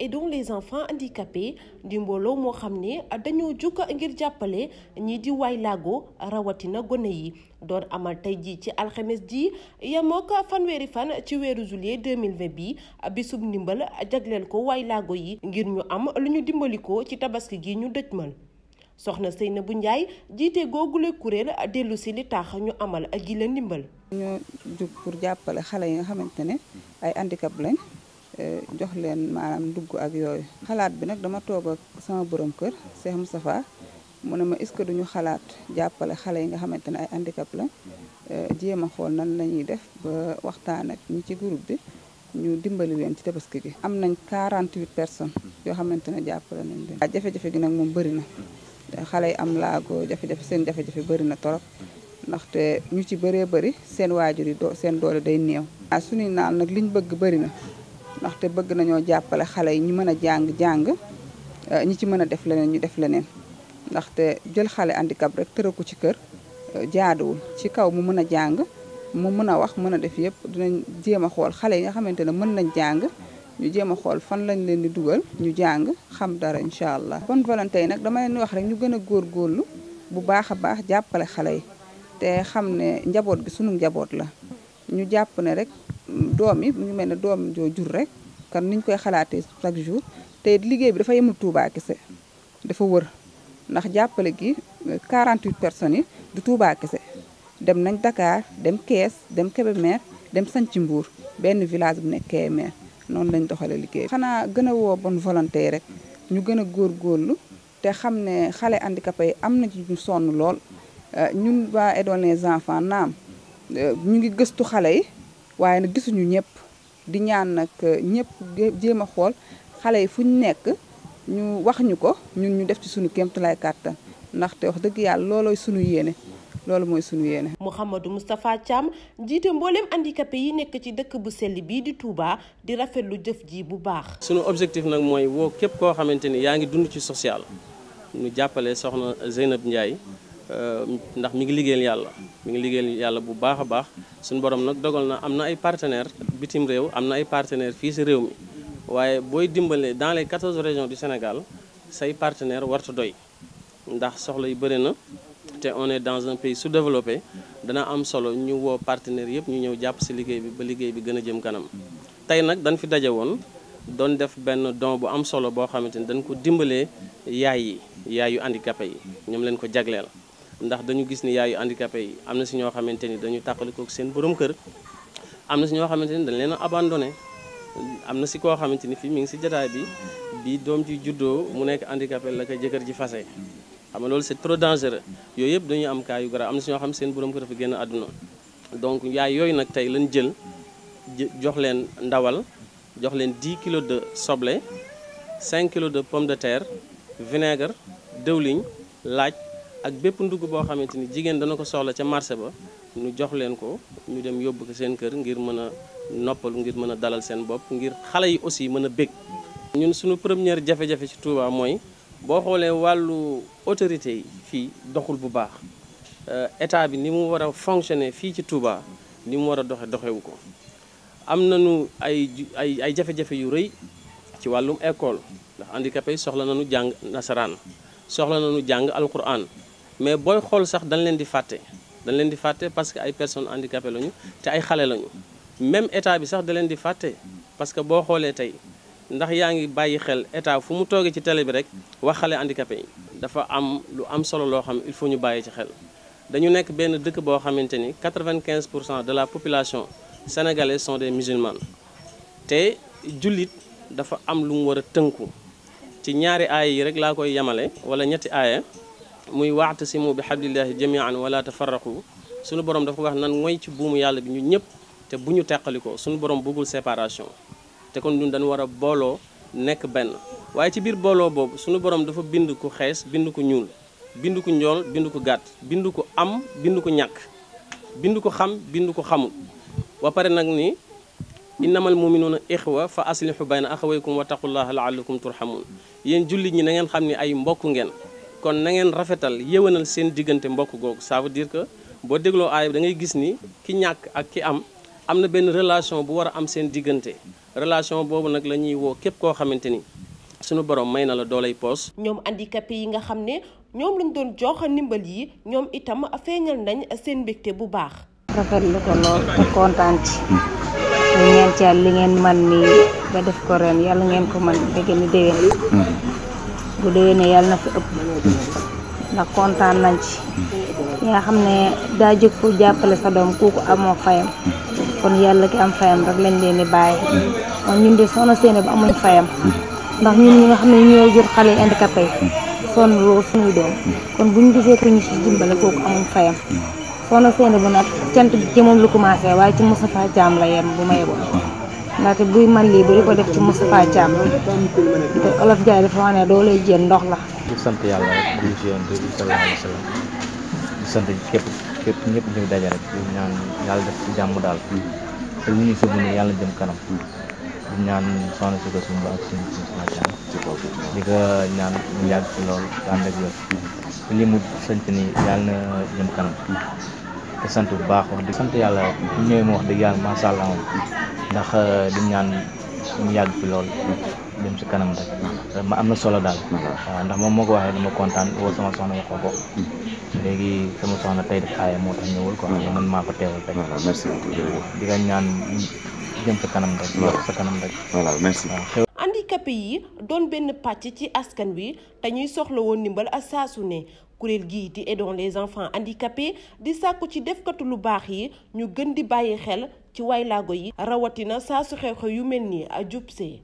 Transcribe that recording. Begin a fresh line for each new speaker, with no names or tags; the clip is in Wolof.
aidons les enfants handicapés di mbooloo moo xam ne dañoo jukk ngir jàppale ñii di waay laago rawatina gone yi doon amal tey jii ci alxames ji yamook fanweeri fan ci weeru juillet 2020 bi bisub ndimbal jagleel ko waay laago yi ngir ñu am lu ñu dimbalikoo ci tabaski gi ñu dëjmal soxna na bu njaay jiite googule kuréel dellu si li tax ñu amal gi la ndimbal.
ñu jug pour jàppale xale yi nga xamante ne ay handicap lañ. Eh, jox leen maanaam ndugg ak yooyu xalaat bi nag dama toog ak sama borom kër Cheikh Moustapha mu ne ma est-ce que duñu xalaat jàppale xale yi nga xamante ne ay handicap la eh, jéem a xool nan la ñuy def ba waxtaan ak ñi ci groupe bi ñu dimbali leen ci tabaski gi am nañ 48 personnes yoo xamante ne jàppale nañ leen waaw ah, jafe-jafe gi nag moom bëri na eh, xale yi am laago jafe-jafe seen jafe-jafe bëri na torop ndaxte ñu ci bëree bëri seen waajur yi doo seen doole day néew ah suñuy naan nag liñ bëgg bëri na ndaxte bëgg nañoo jàppale xale yi ñu mën a jàng jàng euh, ñi ci mën a def leneen ñu def leneen ndaxte jël xale handicap rek tëral ko ci kër euh, jaaduwul ci kaw mu mën a jàng mu mën a wax mën a def yëpp dinañ jéem a xool xale yi nga xamante ne mën nañ jàng ñu jéem a xool fan lañ leen di dugal ñu jàng xam dara incha allah. bonne volonté yi nag dama leen wax rek ñu gën a góorgóorlu bu baax a baax jàppale xale yi te xam ne njaboot gi sunu njaboot la ñu jàpp ne rek. doom yi mu ngi mel ne doom joo jur rek kan niñ koy xalaatee chaque jour te liggéey bi dafa yemul Touba kese dafa wër ndax jàppale gi 48 euh, personnes yi du Touba kese dem nañ Dakar dem Kees dem Kébémer dem Sanci Mbour benn village bu nekk Kébémer noonu lañ doxalee liggéey xanaa gën a woo bon volonté rek ñu gën a góorgóorlu te xam ne xale handicapé yi am na ci ñu sonn lool euh, ñun waa Aidons les enfants naam euh, ñu ngi gëstu xale yi. waaye nag gisuñu ñëpp di ñaan nag euh, ñëpp jéem a xool xale yi fu nekk ñu wax ñu ko ñun ñu def ci suñu kéemtulaay kàttan ndaxte wax dëgg yàlla loolooy sunu yéene loolu mooy sunu
yéene.
Mouhamadou Moustapha Thiam njiite mboolem handicapé yi nekk ci dëkk bu sell bii di Touba di lu jëf jii bu baax.
sunu objectif nag mooy woo képp koo xamante ni yaa ngi dund ci social ñu jàppale soxna Zeynab Ndiaye. Euh, ndax mi ngi liggéeyal yàlla mi ngi liggéeyal yàlla bu baax a baax suñu borom nag dogal na am na ay partenaires bitim réew am na ay partenaires fii si réew mi waaye booy dimbalee dans les 14 régions du Sénégal say partenaires warta doy ndax soxla yi bëri na te on est dans un pays sous-développé dana am solo ñu woo partenaires yëpp ñu ñëw jàpp si liggéey bi ba liggéey bi gën a jëm kanam tey nag dañ fi daje woon doon def benn don bu am solo boo xamante ni dañ ko dimbalee yaay yi yaayu handicapé yi ñoom leen ko jagleel ndax dañu gis ni yaayu handicapé yi am na si ñoo xamante ni dañu tàqalikook seen borom kër am na si ñoo xamante ni dañ leen a abandonné am na si koo xamante ni fii mi ngi si jataay bi bi doom ji juddoo mu nekk handicapé la ko jëkkër ji fase xam nga loolu c'est trop dangereux yooyu yëpp dañuy am cas yu grave am na si ñoo xam seen borom kër dafa génn àdduna donc yaay yooyu nag tey lañ jël jox leen ndawal jox leen 10 kilos de soble 5 kilos de pomme de terre vinaigre dëwliñ ak bépp ndugg boo xamante ni jigéen dana ko soxla ca marché ba ñu jox leen ko ñu dem yóbbu ko seen kër ngir mën a noppalu ngir mën a dalal seen bopp ngir xale yi aussi mën a bég ñun suñu première jafe-jafe ci Touba mooy boo xoolee wàllu autorité yi fii doxul bu baax euh, état bi ni mu war a fonctionner fii ci Touba ni mu war a doxe doxewu ko am nañu ay ay ay jafe-jafe yu rëy ci wàllum école ndax handicapé yi soxla nu jàng nasaraan soxla nañu jàng alquran mais booy xool sax dañ leen di fàtte dañ leen di fàtte parce que ay personnes handicapées lañu te ay xale lañu même état bi sax da leen di fàtte parce que boo xoolee tey ndax yaa ngi bàyyi xel état fu mu toogee ci télé bi rek wax xale handicapé yi dafa am lu am solo loo xam il faut ñu bàyyi ci xel dañu nekk benn dëkk boo xamante ni 95 pour cent de la population sénégalaise sont des musulmans te jullit dafa am lu mu war a tënku ci ñaari aaya yi rek laa koy yemale wala ñetti aaya muy si wa'tasimu bi hablillahi jami'an wala tafarraqu suñu borom dafa wax nan mooy ci buumu yàlla bi ñu ñëpp te bu ñu teqalikoo suñu borom bëggul separation te kon ñun dañu war a booloo nekk benn waaye ci biir booloo boobu suñu borom dafa bind ku xees bind ku ñuul bind ku njool bind ku gàtt bind ku am bind ku ñàkk bind ku xam bind ku xamul ba pare nag ni innamal muminuuna ixwa fa aslihu bayna axawaykum wa taqullaha laallakum turhamun yéen jullit ñi na ngeen xam ni ay mbokk ngeen kon na ngeen rafetal yéwénal seen diggante mbokk googu ça veut dire que boo dégloo aay bi da ngay gis ni ki ñàkk ak ki am am na benn relation bu war a am seen diggante relation boobu nag la ñuy woo képp koo xamante ni sunu boroom may na la doolay poos.
ñoom handicapé yi nga xam ne ñoom lañ doon jox ndimbal yi ñoom itam feeñal nañ seen mbégte bu baax.
rafet rafetlu ko lool te kontaan ci li ngeen ci li ngeen man nii ba def ko ren yàlla ngeen ko man dégg ndax kontaan nañ ci yi nga xam ne daa jóg fu jàppale sa doom ko amoo fayam kon yàlla ki am fayam rek lañ leen di bàyyi kon ñun de soxna Seyna bu amuñ fayam ndax ñun ñi nga xam ne ñoo jur xale yi handicapé yi sonn loolu suñuy doom kon buñ gisee ko ñu ci dimbale ko amuñ fayam soxna Seyna bu nag cant bi ci moom lu commencé waaye ci Moustapha Thiam la yem bu ma bo ndaxte buy man lii bu ko def ci Moustapha Thiam te olof jaay dafa wax ne doo lay
ndox la
di sant yàlla rek di ci yonent bi sallallahu alayhi wa sallam di sant képp képp ñëpp ñu daje rek di ñaan yàlla def ci jàmm daal te lu ñuy sóobu ne yàlla jëm kanam di ñaan soxna si ko suñu ba ak suñu ci kaw di ko ñaan mu yàgg ci loolu ànd ak wér li mu sant ni yàlla na jëm kanam te sant bu baax wax di sant yàlla ñëwee ma wax dëgg yàlla macha allah ndax di ñaan mu yàgg ci loolu jëm kanam rek ma am na solo daal waaw ndax moom moo ko waxee dama kontaan woo sama soxna wax ko hmm. léegi sama soxna tey def aaye moo tax ñëwul ko ma man maa ko teewal rek merci di ñaan jëm sa kanam rek
yokk yi doon benn pàcc ci askan wi te ñuy soxla woon ndimbal ak saasu ne kuréel gii di aidons les enfants handicapés di sàkku ci defkatu lu baax yi ñu gën di bàyyi xel ci waylaago yi rawatina saa su xew-xew yu mel nii a jubsee